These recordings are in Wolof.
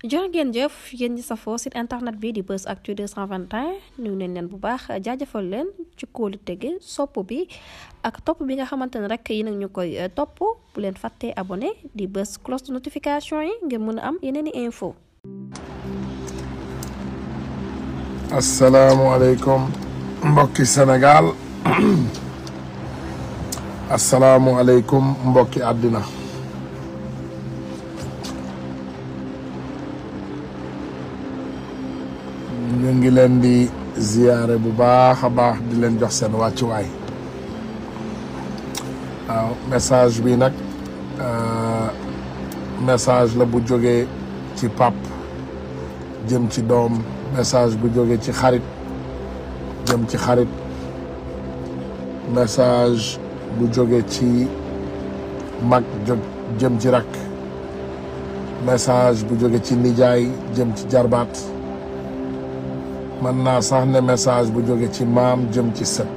jërë ngeen jëf yéen ñi safoo site internet bi di Buzz Actu 221 nuyu nañ leen bu baax jaajëfal leen ci kóolu tege sopp bi ak topp bi nga xamante ne rek yi nag ñu koy euh, topp bu leen fàttee abone di bës cloche de notification yi ngir mën a am yeneen i info asalaamualeykum mbokki Sénégal asalaamualeykum mbokki àddina ñu ngi leen bi ziyaare bu baax a baax di leen jox seen wàccuwaay waaw ah, message bi nag ah, message la bu jógee ci pap jëm ci doom message bu jógee ci xarit jëm ci xarit message bu jóge ci mag jëm ci rakk message bu jóge ci nijaay jëm ci jarbaat mën naa sax ne message bu jóge ci maam jëm ci set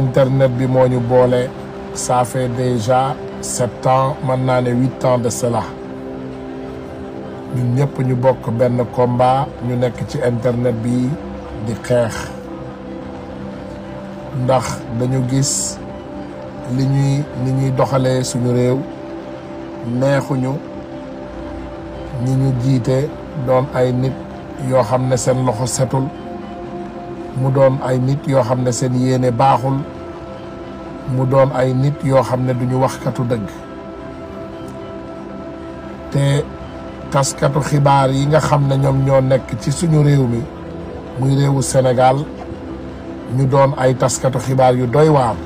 internet bi moo ñu boole ça fait déjà sept ans mën naa ne huit ans de sela ñun ñëpp ñu bokk benn komba ñu nekk ci internet bi di xeex ndax dañu gis li ñuy ni ñuy doxalee suñu réew neexuñu ñi ñu jiite doon ay nit yoo xam ne seen loxo setul mu doon ay nit yoo xam ne seen yéene baaxul mu doon ay nit yoo xam ne duñu waxkatu dëgg te taskatu xibaar yi nga xam ne ñoom ñoo nekk ci suñu réew mi muy réewu Sénégal ñu doon ay taskatu xibaar yu doy waar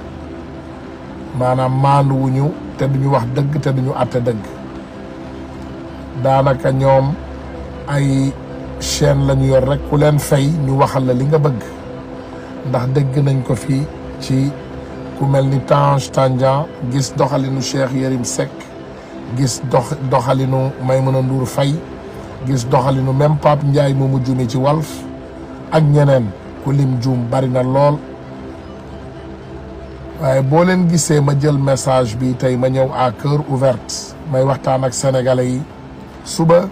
maanaam maandu wuñu te duñu wax dëgg te duñu àtte dëgg daanaka ñoom ay chaîne lañu yor rek ku leen fay ñu waxal la li nga bëgg ndax dégg nañ ko fii ci ku mel ni Tange Tandian gis doxalinu Cheikh Yérim sek gis dox doxalinu Maimouna Ndour Faye gis doxalinu même Pape Ndiaye mu mujj mi ci Walf ak ñeneen ku lim juum bari na lool waaye boo leen gisee ma jël message bi tey ma ñëw à cœur ouverte may waxtaan ak sénégalais yi suba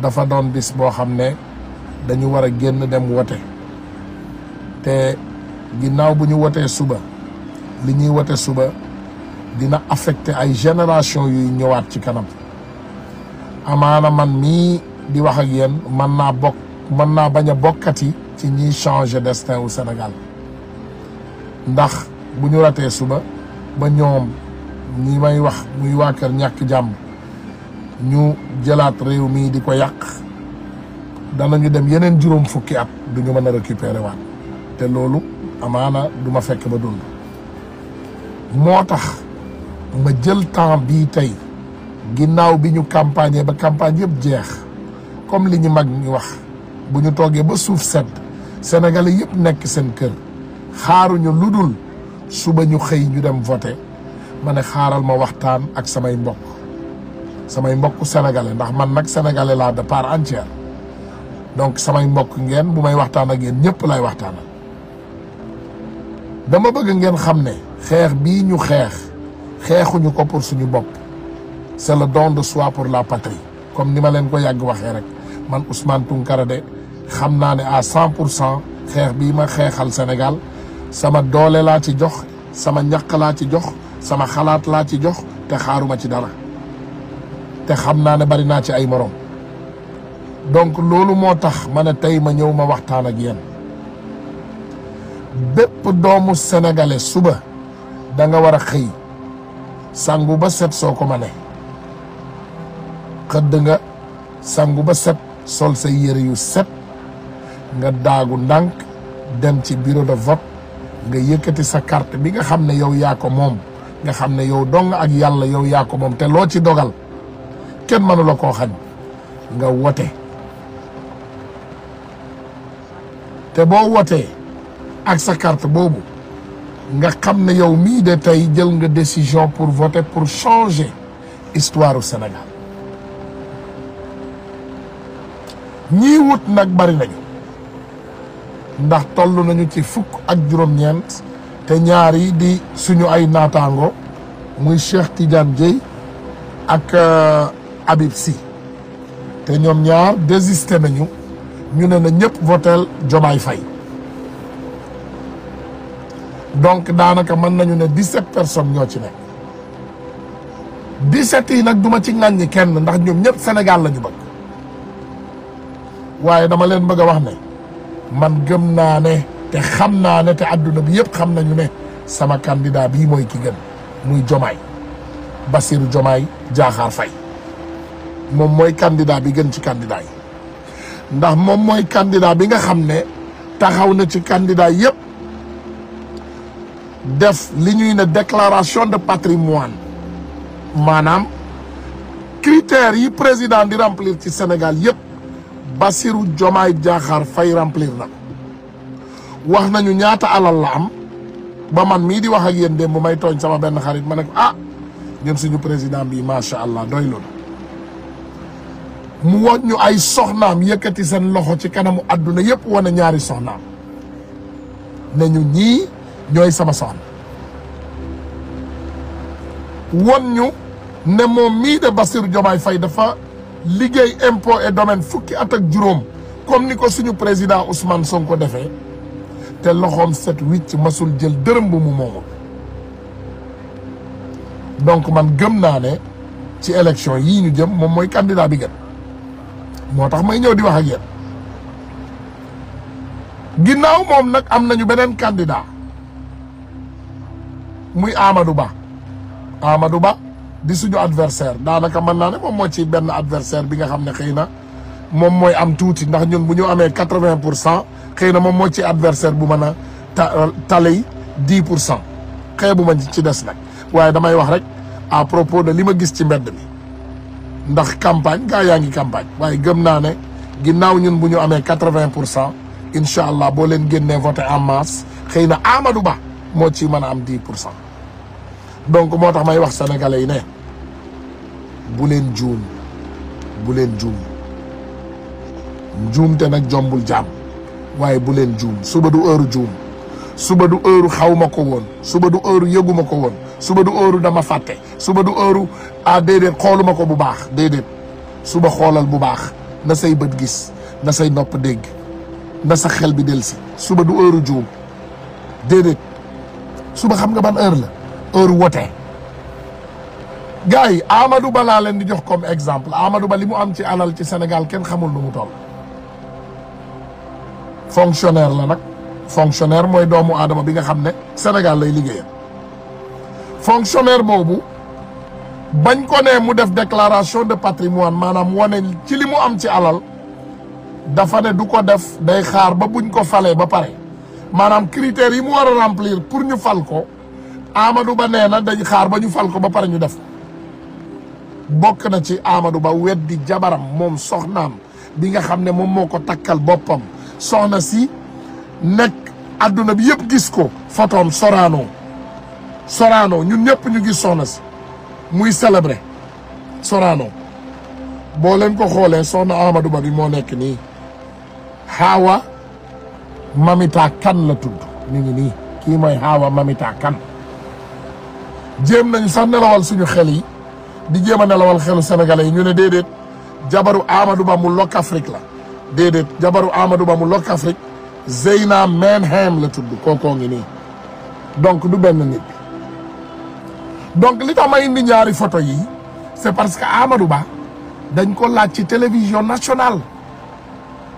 dafa doon bis boo xam ne dañu war a génn dem wote te ginnaaw bu ñu wotee suba li ñuy wote suba dina affecté ay génération yuy ñëwaat ci kanam amaana man mii di wax ak yéen mën naa bokk mën naa bañ a bokkati ci ñiy changer destin wu Sénégal ndax bu ñu ratee suba ba ñoom ñi may wax muy waa kër ñàkk jàmm ñu jëlaat réew mii di ko yàq dana ñu dem yeneen juróom fukki at du ñu man a récupérer waat te loolu amaana du ma fekk ba dund moo tax ma jël temps bii tey ginnaaw bi ñu campagne ba campagne yëpp jeex comme li ñu mag ñi wax bu ñu toogee ba suuf sedd Sénégalais yëpp nekk seen kër xaaruñu lu dul suba ñu xëy ñu dem voté ma ne xaaral ma waxtaan ak samay mbokk samay mbokk sénégalais ndax man nag sénégalais laa de part entière donc samay mbokk ngeen bu may waxtaan a yéen ñëpp lay waxtaanal dama bëgg ngeen xam ne xeex bii ñu xeex xeexuñu ko pour suñu bopp c'est le don de soi pour la patrie comme ni ma leen ko yàgg waxee rek man Ousmane Tounkara de xam naa ne à cent pour cent xeex bii ma xeexal Sénégal sama doole laa ci jox sama ñaq laa ci jox sama xalaat laa ci jox te xaaruma ci dara te xam naa ne bari naa ci ay morom donc loolu moo tax ma ne tey ma ñëw ma waxtaan ak yéen bépp doomu sénégalais suba da nga war a xëy sangu ba set soo ko ma ne xëdd nga sangu ba set sol sa yére yu set nga daagu ndànk dem ci bureau de vote nga yëkkati sa kart bi nga xam ne yow yaa ko moom nga xam ne yow dong ak yàlla yow yaa ko moom te loo ci dogal kenn mënu la koo xañ nga wote te boo wotee ak sa carte boobu nga xam ne yow mii de tey jël nga décision pour vote pour changer histoire du Sénégal ñii wut nag bari nañu ndax toll nañu ci fukk ak juróom-ñeent te ñaar yi di suñu ay naataango muy Cheikh Tidiane Dieye ak euh, Habib si te ñoom ñaar désisté nañu ñu ne na ñëpp votel Jomaay fay donc daanaka mën nañu ne dix-sept personnes ñoo ci nekk dix-sept yi nag duma ci ŋàññi kenn ndax ñoom ñëpp Sénégal lañu ñu bëgg waaye dama leen bëgg a wax ne man gëm naa ne te xam naa ne te adduna bi yëpp xam nañu ne sama candidat bii mooy ki gën muy Jomaay Bassirou Jomaay Diakhar fay moom mooy candidat bi gën ci candidat yi ndax moom mooy candidat bi nga xam ne taxaw na ci candidat yépp def li ñuy ne déclaration de patrimoine maanaam critères yi président di remplir ci Sénégal yépp Bassirou Diomaye Diakhar fay remplir na wax nañu ñaata alal la am ba man mii di wax ak yéen dém bu may tooñ sama benn xarit ma ne ah ñun suñu président bi macha allah doy loolu mu wax ñu ay soxnaam yëkkati seen loxo ci kanamu àdduna yëpp wane ñaari soxnaam ne ñu ñii ñooy sama soxna won ñu ne moom mii de Bassirou Diomaye Faye dafa liggéey impôt et domaine fukki at ak juróom comme ni ko suñu président Ousmane ko defee te loxoom set wicc masul jël dërëm bu mu moomul donc man gëm naa ne ci élection yii ñu jëm moom mooy candidat bi gën moo tax may ñëw di wax ak yéen ginnaaw moom nag am nañu beneen candidat muy Amadou Ba Amadou Ba di suñu adversaire daanaka mën naa ne moom moo ci benn adversaire bi nga xam ne xëy na moom mooy am tuuti ndax ñun bu ñu amee quatre-vingt pour cent xëy na moom moo ci adversaire bu mën a ta euh, taley pour cent xëy bu ma ci des nag waaye damay wax rek à propos de li ma gis ci mbedd mi ndax campagne gaa yaa ngi campagne waaye gëm naa ne ginnaaw ñun bu ñu amee quatre-vingt pour cent incha allah boo leen génnee voté en masse xëy na Amadou Ba moo ci mën a am dix pour cent donc moo tax may wax sénégalais yi ne buleen leen juum bu leen juum juum te nag jombul jaam waaye bu leen juum suba du heure juum. suba du heure xaw ma ko woon suba du heure yëguma ko woon suba du heure dama fàtte suba du ëru ah déedéet xooluma ko bu baax déedéet suba xoolal bu baax na say bët gis na say nopp dégg na sa xel bi dellusi suba du heure juum déedéet suba xam nga ban heure la heure wote gars yi Amadou Ba laa leen di jox comme exemple Amadou Ba li mu am ci alal ci Sénégal kenn xamul nu mu toll fonctionnaire la nag fonctionnaire mooy doomu aadama bi nga xam ne Sénégal lay liggéeyam fonctionnaire boobu bañ ko ne mu def déclaration de patrimoine maanaam wane ci li mu am ci alal dafa ne du ko def day xaar ba buñ ko falee ba pare maanaam critères yi mu war a remplir pour ñu fal ko Amadou Ba nee na dañ xaar ba ñu fal ko ba pare ñu def bokk na ci Amadou Ba weddi jabaram moom soxnaam bi nga xam ne moom moo ko takkal boppam soxna si nekk adduna bi yëpp gis ko photom Sorano Sorano ñun ñëpp ñu gis soxna si muy célébré Sorano boo leen ko xoolee soxna Amadou Ba bi moo nekk nii Hawa Mamita Kan la tudd ñu nii kii mooy Hawa Mamita Kan jéem nañu sax nelawal suñu xel yi di jéem a nelawal xelu sénégalais yi ñu ne déedéet jabaru Amadou Ba mu lokk Afrique la déedéet jabaru Amadou Ba mu lokk Afrique Zeyna Menhem la tudd kookoo ngi nii donc du benn nit bi donc li tax ma indi ñaari photo yi c'est parce que Amadou Ba dañ ko laaj ci télévision nationale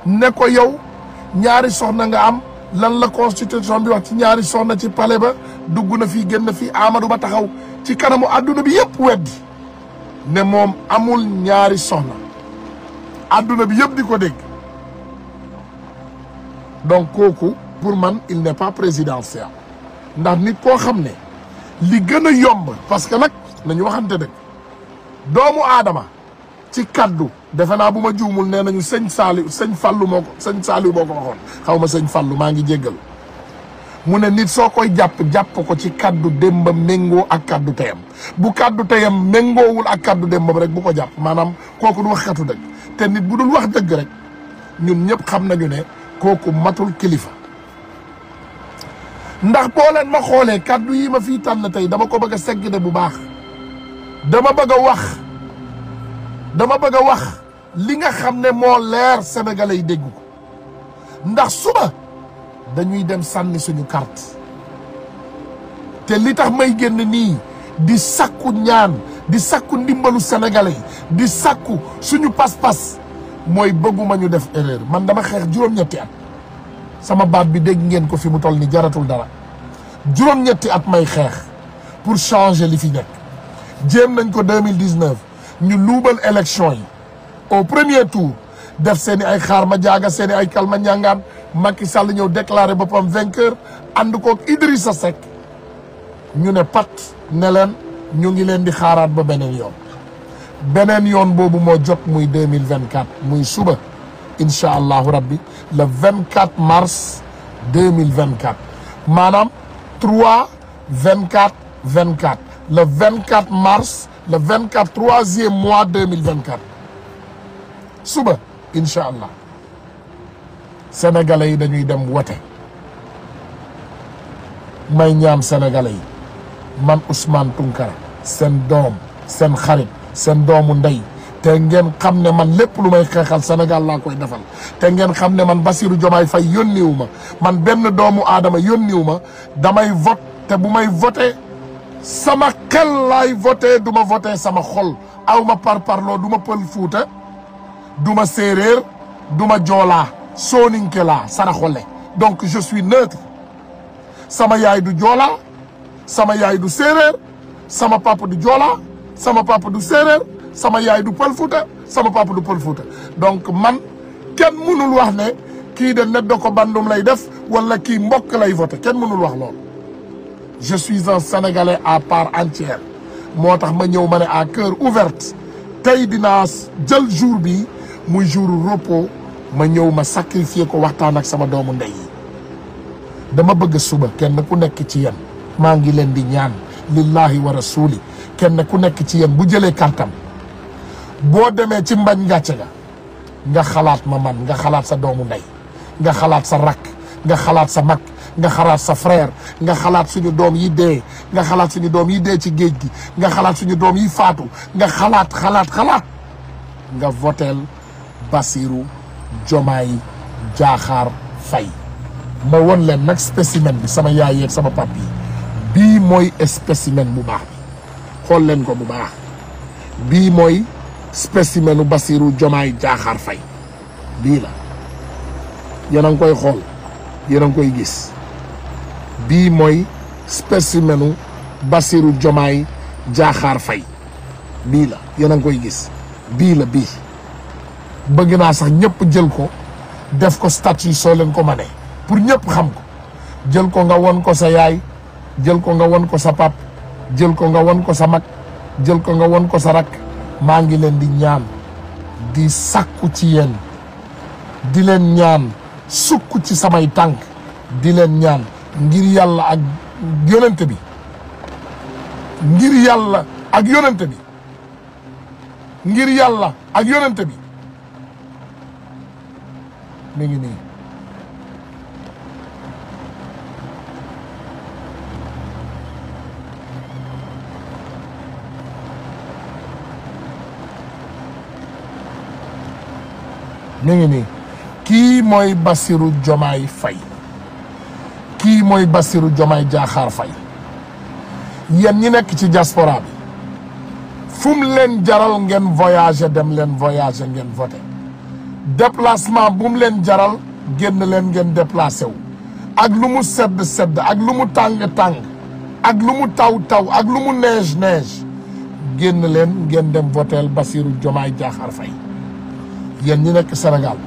ne ko yow ñaari soxna nga am lan la constitution bi wax ci ñaari soxna ci palais ba dugg na fii génn fii Amadou Ba taxaw ci kanamu àdduna bi yëpp weddi ne moom amul ñaari soxna adduna bi yëpp di ko dégg donc kooku pour man il n'est pas présidentiel ndax nit koo xam ne li gën a yomb parce que nag nañu waxante dëgg doomu aadama ci kaddu defe naa bu ma juumul nee nañu sëñ Saaliw sëñ Fallu moo ko sëñ Saaliw moo ko waxoon xaw ma sëñ Fallu maa ngi jéggal mu ne nit soo koy jàpp jàpp ko ci kaddu démbam méngoo ak kaddu teyam bu kaddu teyam méngoowul ak kaddu démbam rek bu ko jàpp maanaam kooku du wax katu dëgg te nit bu dul wax dëgg rek ñun ñëpp xam nañu ne kooku matul kilifa ndax boo leen ma xoolee kàddu yi ma fii tànn tey dama ko bëgg a segg de bu baax dama bëgg wax dama bëgg a wax li nga xam ne moo leer sénégalais yi dégg ko ndax suba dañuy dem sànni suñu carte te li tax may génn nii di sakku ñaan di sakku ndimbalu sénégalais yi di sakku suñu pas-pas mooy bëgguma ñu def erreur man dama xeex juróom-ñetti at sama baat bi dégg ngeen ko fi mu toll ni jaratul dara juróom-ñetti at may xeex pour changer li fi nekk jéem nañ ko 2019 ñu luubal élection yi au premier tour def seen ay xaar ma jaaga seen i ay kalma ñàngaan Macky Sall ñëw déclaré boppam vainqueur ànd koog sa Seck ñu ne pat ne leen ñu ngi leen di xaaraat ba beneen yoon beneen yoon boobu moo jot muy deux mille vingt quatre muy suba incha allahu rabbi le vingt quatre mars deux mille vingt quatre maanaam trois vingt quatre vingt quatre le vingt quatre mars le vingt quatre troisième mois deux mille vingt quatre suba incha allah sénégalais yi dañuy dem wote may ñaan sénégalais yi man Ousmane Tounkara seen doom seen xarit. seen doomu ndey te ngeen xam ne man lépp lu may xeexal Sénégal laa koy defal te ngeen xam ne man Bassirou Diomaye Faye yónniwu ma man benn doomu aadama yónniwu ma damay vote te bu may vote sama xel laay voté du ma vote sama xol aw ma par parparloo du ma pël fuuta du ma séeréer du ma joolaa sooninke laa saraxole donc je suis sama yaay du joola sama yaay du séeréer sama papa du joolaa sama papa du séeréer sama yaay du pël Fuuta sama papa du pël Fuuta donc man kenn mënul wax ne kii de net da ko bandum lay def wala kii mbokk lay voté kenn mënul wax loolu je suis un à part entière moo tax ma ñëw ma ne à cœur ouverte tey dinaa jël jour bi muy jour repos ma ñëw ma sacrifier ko waxtaan ak sama doomu ndey yi dama bëgg suba kenn ku nekk ci yéen maa ngi leen di ñaan lillahi wa rasuli kenn ku nekk ci yéen bu jëlee kartam boo demee ci mbañ ngàcce ga nga xalaat ma man nga xalaat sa doomu ndey nga xalaat sa rakk nga xalaat sa mag nga xalaat sa frère nga xalaat suñu doom yi dee nga xalaat suñu doom yi dee ci géej gi nga xalaat suñu doom yi faatu nga xalaat xalaat xalaat nga voteel Bassirou Diomaye Diakhar fay ma won leen nag spécimen bi sama yaay yeeg sama papi bii mooy spécimen bu baax xool leen ko bu baax bii mooy spécimenu Bassirou Diomaye Diakhar Faye bii la yéen a ngi koy xool yéen a ngi koy gis bii mooy spécimenu Bassirou Diomaye Diakhar Faye bii la yéen a ngi koy gis bii la bëgg naa sax ñëpp jël ko def ko statut soo leen ko ma mënee pour ñëpp xam ko jël ko nga won ko sa yaay jël ko nga won ko sa pap jël ko nga won ko sa mag jël ko nga won ko sa rak maa ngi leen di ñaan di sàkku ci yéen di leen ñaan sukk ci samay tànk di leen ñaan ngir yàlla ak yonente bi ngir yàlla ak yonente bi ngir yàlla ak yonente bi mi ngi nii mi ngi nii kii mooy Bassirou Diomaye fay kii mooy Bassirou Diomaye Diakhar Faye yéen ñi nekk ci diaspora bi fu leen jaral ngeen voyager dem leen voyage ngeen voté déplacement bum leen jaral génn leen ngeen déplacé wu ak lu mu sedd sedd ak lu mu tàng tàng ak lu mu taw taw ak lu mu neige neige génn leen ngeen dem voteel Bassirou Diomaye Diakhar Faye yéen ñi nekk senegaal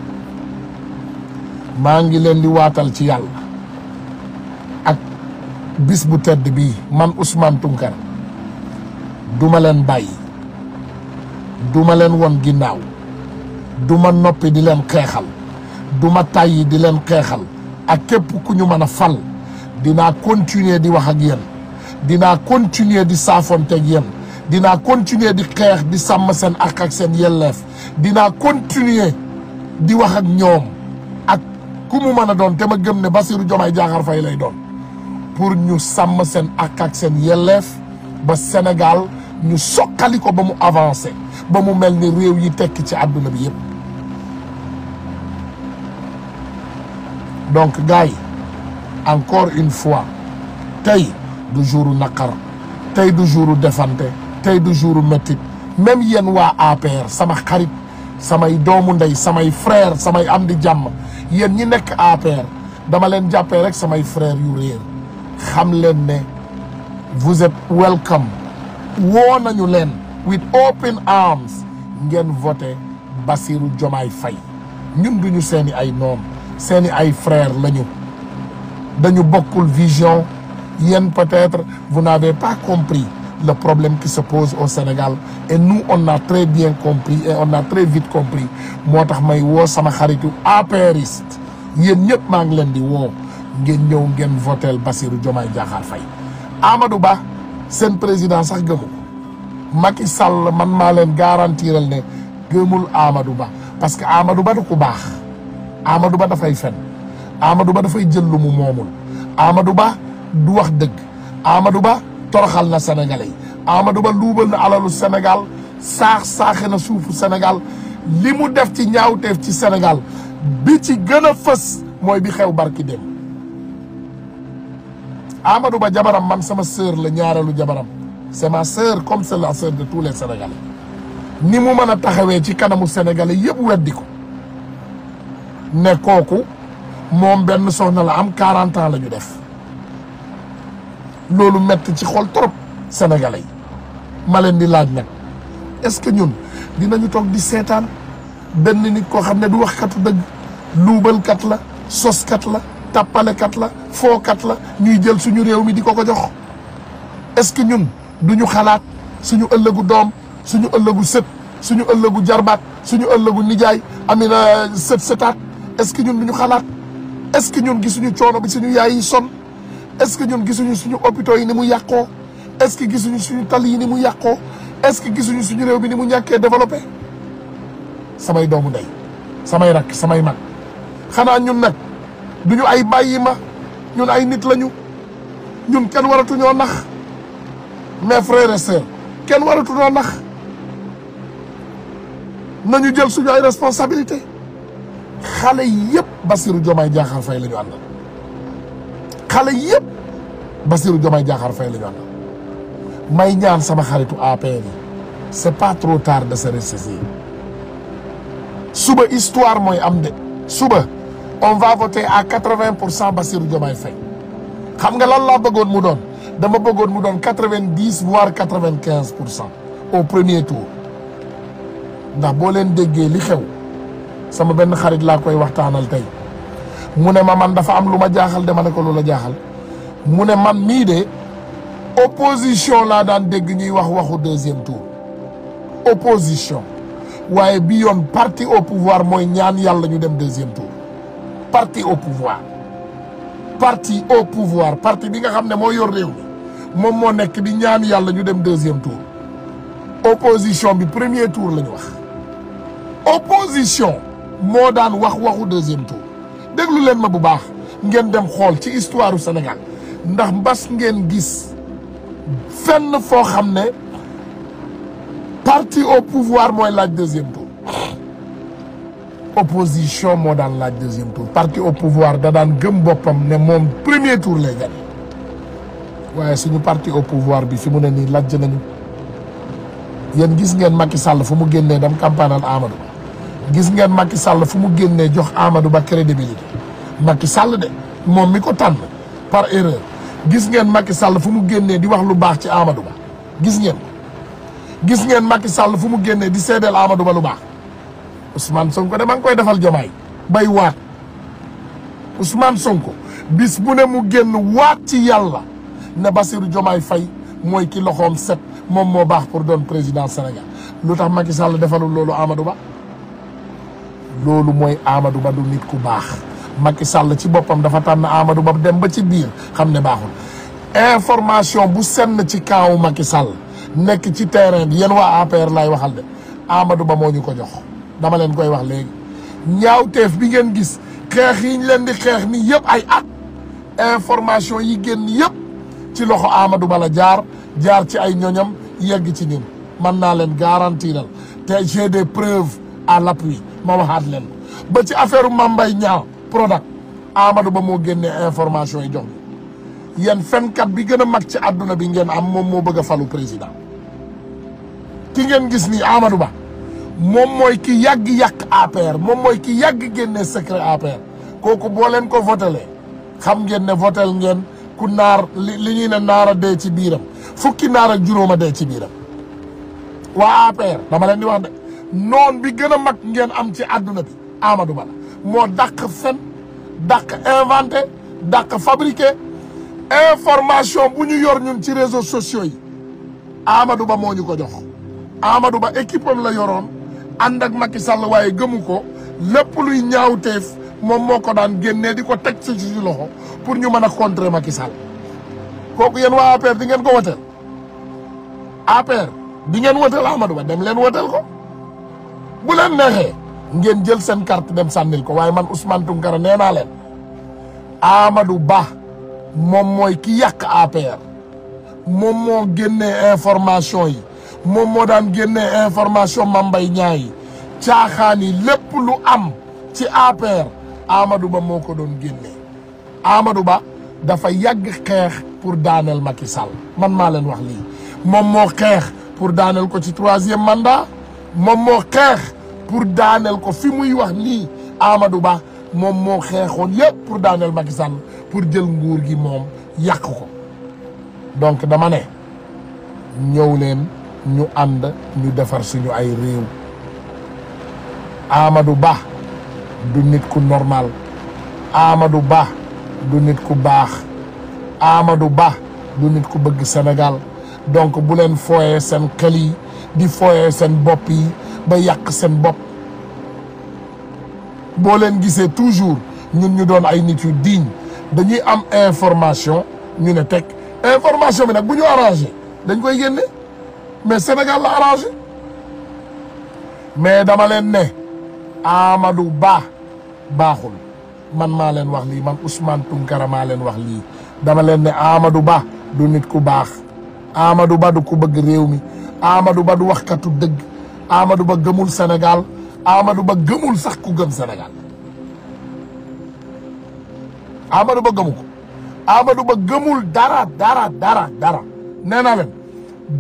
maa ngi leen di waatal ci yàlla ak bis bu tedd bi man Ousmane Tounkara duma leen bàyyi duma leen won ginnaaw duma noppi di leen xeexal duma tàyyi di leen xeexal ak képp ku ñu mën a fal dinaa continuer di wax ak yéen dinaa continuer di saafonteeg yéen dinaa continuer di xeex di sàmm seen ak ak seen yelleef dinaa continuer di wax ak ñoom ak ku mu mën a doon te ma gëm ne Bassirou Diomaye Diakhar Faye lay doon pour ñu sàmm seen ak ak seen yelleef ba Sénégal ñu soqali ko ba mu avancé ba mu mel ni réew yi tekki ci àdduna bi yëpp donc gars encore une fois tey du jouru naqar tey du jouru defante tey du jour métti même yéen waa APR sama xarit samay doomu ndey samay frère samay am di jàmm yéen ñi nekk APR dama leen jàppee rek samay frère yu réer xam leen ne vous êtes welcome woo nañu leen with open arms ngeen voté Bassirou Diomaye Faye ñun duñu seeni ay noon seeni ay frère lañu dañu bokkul vision yen peut-être vous n'avez pas compris le problème qui se pose au Sénégal et nous on a très bien compris et on a très vite compris moo tax may woo sama xaritu apériste yéen ñëpp maa ngi leen di woo ngeen ñëw ngeen votel Bassirou Diomaye Diakhar Faye Amadou Ba seen président sax gëmu Macky Sall man maa leen garantiral ne gëmul Amadou Ba parce que Amadou Ba du ku baax Amadou Ba dafay fen Amadou Ba dafay jël lu mu moomul Amadou Ba du wax dëgg Amadou Ba toroxal na sénégalais yi Amadou Ba luubal na alalu Sénégal saax-saaxe na suufu senegal li mu def ci ñaawteef ci senegal bi ci gën a fës mooy bi xew barki dem Amadou Ba jabaram man sama sœur la ñaareelu jabaram c'est ma comme c'est la de tous les Sénégalais ni mu mën a taxawee ci kanamu Sénégalais yëpp weddi ko ne kooku moom benn soxna la am 40 ans la ñu def loolu metti ci xool trop sénégalais yi ma leen di laaj nag est-ce que ñun dinañu toog di seetaan benn nit koo xam ne du wax waxkatu dëgg luubalkat la soskat la tàppalekat la fookat la ñuy jël suñu réew mi di ko ko jox est-ce que ñun duñu xalaat suñu ëllëgu doom suñu ëllëgu sët suñu ëllëgu jarbaat suñu ëllëgu nijaay amina sët sëtaat est-ce que ñun duñu xalaat est-ce que ñun gisuñu coono bi suñu yaay yi son est-ce que ñun gisuñu suñu hôpitaux yi ni mu yàqoo est-ce que gisuñu suñu tali yi ni mu yàqoo est-ce que gisuñu suñu réew bi ni mu ñàkkee développé samay doomu ndey samay rakk samay mag xanaa ñun nag duñu ay bàyyi ma ñun ay nit lañu ñun kenn waratuñoo nax mes frères et kenn kenn waratuñoo nax nañu jël suñu ay responsabilité xale yëpp Bassirou Diomaye Diakhar Faye la ñu àndal xale yëpp Bassirou Diomaye Diakhar Faye la may ñaan sama xaritu APR yi c'est pas trop tard de se ressaisir suba histoire mooy am de suba on va voter a quatre-vingt pour cent Bassirou Diomaye Faye xam nga lan laa bëggoon mu doon dama bëggoon mu doon quatre-vingt-dix voire quatre-vingt-quinze pour cent au premier tour ndax boo leen déggee li xew sama benn xarit laa koy waxtaanal tey mu ne ma man dafa am lu ma jaaxal de ma ne ko lu la jaaxal mu ne man mii de opposition laa daan dégg ñuy wax waxu deuxième tour opposition waaye bi yoon parti au pouvoir mooy ñaan yàlla ñu dem deuxième tour parti au pouvoir parti au pouvoir bi nga xam ne moo yor réew mi moom moo nekk bi ñaan yàlla ñu dem deuxième tour opposition bi premier tour la wax opposition moo daan wax waxu deuxième tour déglu leen ma bu baax ngeen dem xool ci histoire du Sénégal ndax mbas ngeen gis fenn foo xam ne parti au pouvoir mooy laaj deuxième tour opposition moo daan laaj deuxième tour parti au pouvoir da daan gëm boppam ne moom premier tour lay gagné waaye suñu parti au pouvoir bi fi mu ne nii lajj nañu yéen gis ngeen Macky sàll fu mu génnee dem campagne Amadou gis ngeen Macky sàll fu mu génnee jox Amadou Ba crédibilité Macky Sall de moom mi ko tànn par erreur gis ngeen makki sàll fu mu génnee di wax lu baax ci Amadou Ba gis ngeen gis ngeen Macky Sall fu mu génnee di seedeel Amadou Ba lu baax Ousmane Sonko de ma ngi koy defal jomaay bay waat Ousmane Sonko bis bu ne mu génn waat ci yàlla ne Bassirou Diomaye Faye mooy kii loxoom set moom moo baax pour doon président Sénégal lu tax Macky sàll defalul loolu amadu Ba loolu mooy Amadou Ba du nit ku baax makki Sall ci boppam dafa tànn Amadou Ba dem ba ci biir xam ne baaxul information bu senn ci kaawu Macky Sall nekk ci terrain bi yéen waa APR lay waxal de Amadou Ba moo ñu ko jox dama leen koy wax léegi ñaawteef bi ngeen gis xeex yi leen di xeex ni yëpp ay at information yi génn yëpp ci loxo Amadou Ba la jaar jaar ci ay ñoñam yegg ci ñun mën naa leen garantiral te j'ai des preuves à l'appui ma waxaat leen ba ci affaire mambay ñaaw Prodac Amadou Ba moo génnee information yi jox bi yéen fenkat bi gën a mag ci àdduna bi ngeen am moom moo bëgg a falu président ki ngeen gis nii Amadou Ba moom mooy ki yàgg yàq APR moom mooy ki yàgg génne secret APR kooku boo leen ko votelee xam ngeen ne votel ngeen ku naar li li ñuy naar a dee ci biiram fukki naara ak dee ci biiram waa APR dama leen di wax de noon bi gën a mag ngeen am ci àdduna bi Amadou Ba moo dàq fen dàq inventé dàq fabriqué information bu ñu yor ñun ci réseaux sociaux yi Amadou Ba moo ñu ko jox Amadou Ba équipe la yoroon ànd ak Macky waaye gëmu ko lépp luy ñaawteef moom moo ko daan génnee di ko teg ci ci loxo pour ñu mën a contrer Macky Sall kooku yéen waa APR di ngeen ko woteel APR di ngeen woteel amadu Ba dem leen woteel ko bu leen neexee ngeen jël seen carte dem sànnil ko waaye man Ousmane Tounkara nee naa leen Amadou Ba moom mooy ki yàq APR moom moo génnee information yi moom moo daan génnee information Mame Mbaye Niang yi caaxaan yi lépp lu am ci APR Amadou Ba moo ko doon génnee amadu Ba dafa yàgg xeex pour daaneel Macky sal man maa leen wax lii moom moo xeex pour daaneel ko ci troisième mandat moom moo xeex pour daaneel ko fi muy wax nii Amadou Ba moom moo xeexoon yëpp pour daaneel Macky Sall pour jël nguur gi moom yàq ko donc dama ne ñëw leen ñu ànd ñu defar suñu ay réew Amadou Ba du nit ku normal Amadou Ba du nit ku baax Amadou Ba du nit ku bëgg senegal donc bu leen fooyee seen xel yi di foyee seen bopp yi ba yàq seen bopp boo leen gisee toujours ñun ñu doon ay nit yu diiñ dañuy am information ñu ne teg information bi nag bu ñu arrangé dañ koy génne mais Sénégal la arrangé mais dama leen ne Amadou Ba baaxul man maa leen wax lii man Ousmane Tounkara maa leen wax lii dama leen ne Amadou Ba du nit ku baax Amadou Ba du ku bëgg réew mi Amadou Ba du waxkatu dëgg Amadou Ba gëmul Sénégal amadu Ba gëmul sax ku gëm senegal Amadou Ba gëmu amadu Ba gëmul dara dara dara dara nee naa leen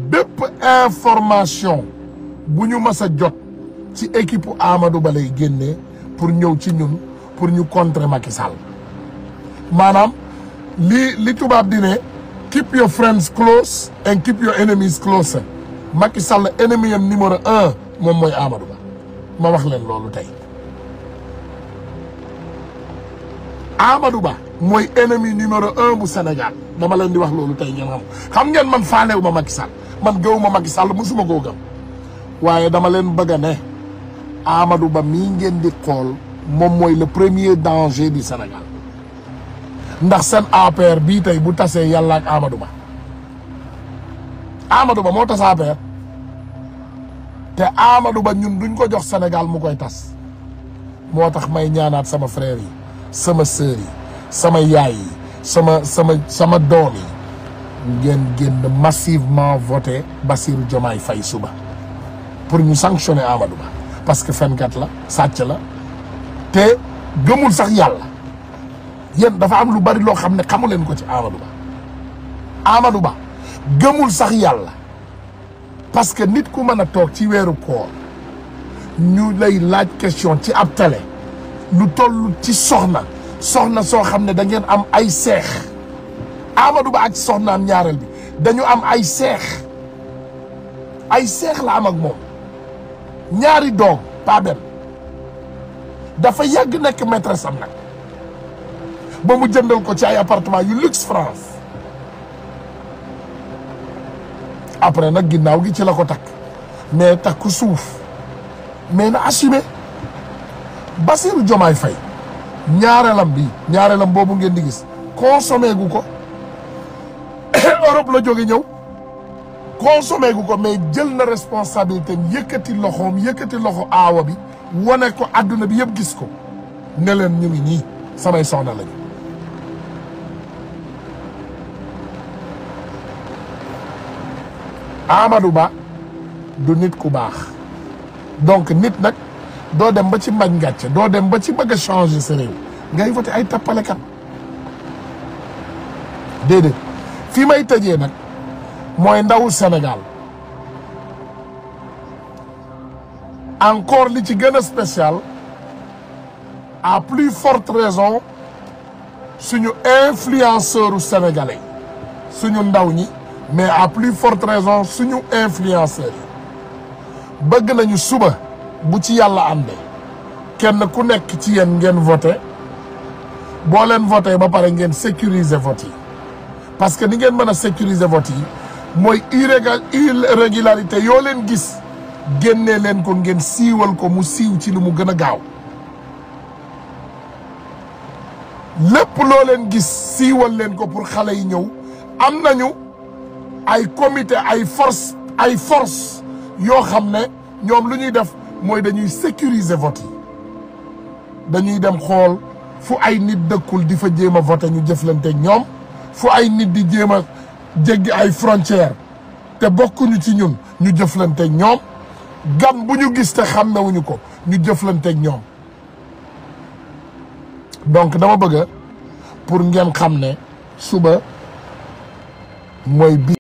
bépp information bu ñu masa jot ci équipe Amadou Ba lay génnee pour ñëw ci ñun pour ñu contrer makisal maanaam li li tubaab di ne keep your friends close and keep your enemies Macky Sall ennemi am numéro un moom mooy Amadou Ba ma wax leen loolu tey Amadou Ba mooy ennemi numéro un bu Sénégal dama leen di wax loolu tey ngeen xam ngeen man faalewu ma Macky Sall man gëw ma Macky Sall mosuma koo gëm waaye dama leen bëgg a ne Amadou Ba mii ngeen di xool moom mooy le premier danger du Sénégal ndax seen APR bii tey bu tasee yàlla ak Amadou Ba. Amadou Ba moo tas APR te Amadou Ba ñun duñ ko jox Sénégal mu koy tas moo tax may ñaanaat sama frère yi sama sœur yi sama yaay yi sama sama sama doom yi ngeen génn massivement voté Bassirou Diomaye fay suba pour ñu sanctionner Amadou Ba parce que fenkat la sàcc la te gëmul sax yàlla yéen dafa am lu bari loo xam ne xamu leen ko ci Amadou Ba Amadou Ba. gëmul sax yàlla parce que nit ku mën a toog ci weeru koor ñu lay laaj question ci ab tele lu toll ci soxna soxna soo xam ne da ngeen am ay seex Amadou ak soxnaam ñaareel bi dañu am ay seex ay seex la am ak moom ñaari doom pas benn dafa yàgg nekk maîtresse am nag ba mu jëndal ko ci ay appartement yu luxe France après nag ginnaaw gi ci la ko takk mais takk suuf mais na assumé Bassirou Diomaye fay ñaareelam bi ñaareelam boobu ngeen di gis consommé gu ko Europe la jóge ñëw consommé gu ko mais jël na responsabilité yëkkati loxoom yëkkati loxo aawa bi wane ko adduna bi yëpp gis ko ne leen ñu ngi ñii samay soxna lañu Amadou Ba du nit ku baax donc nit nag doo dem ba ci mbañ gàcce doo dem ba ci bëgg changé changer sa réew ngay voté ay tappalekat déedéet fii may tëjee nag mooy ndawu Sénégal encore li ci gën a spécial à plus forte raison suñu influenceur u sénégalais suñu ndaw ñi mais à plus forte raison suñu influenceurs yi bëgg nañu suba bu ci yàlla àndee kenn ku nekk ci yéen ngeen voté boo leen voté ba pare ngeen sécuriser vote yi parce que ni ngeen mën a sécuriser vote yi mooy irrégularité yoo leen gis génnee leen ko ngeen siiwal ko mu siiw ci lu mu gën a gaaw lépp loo leen gis siiwal leen ko pour xale yi ñëw am nañu ay comité ay force ay force yoo xam ne ñoom lu ñuy def mooy dañuy sécuriser vote yi dañuy dem xool fu ay nit dëkkul di fa jéem a voté ñu jëflante ñoom fu ay nit di jéem a jéggi ay frontière te bokkuñu ci ñun ñu jëflante ñoom gan bu ñu gis te xàmmewuñu ko ñu jëflante ñoom donc dama bëgg pour ngeen xam ne suba mooy bi